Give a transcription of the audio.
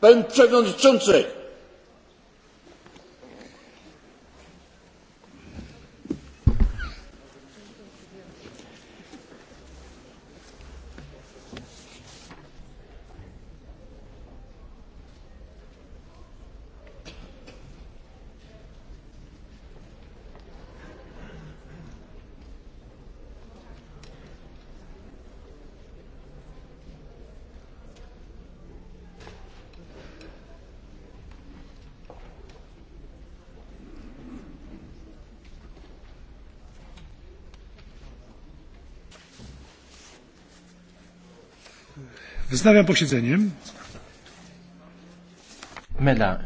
Pan Przewodniczący! Wznawiam posiedzenie. Mela,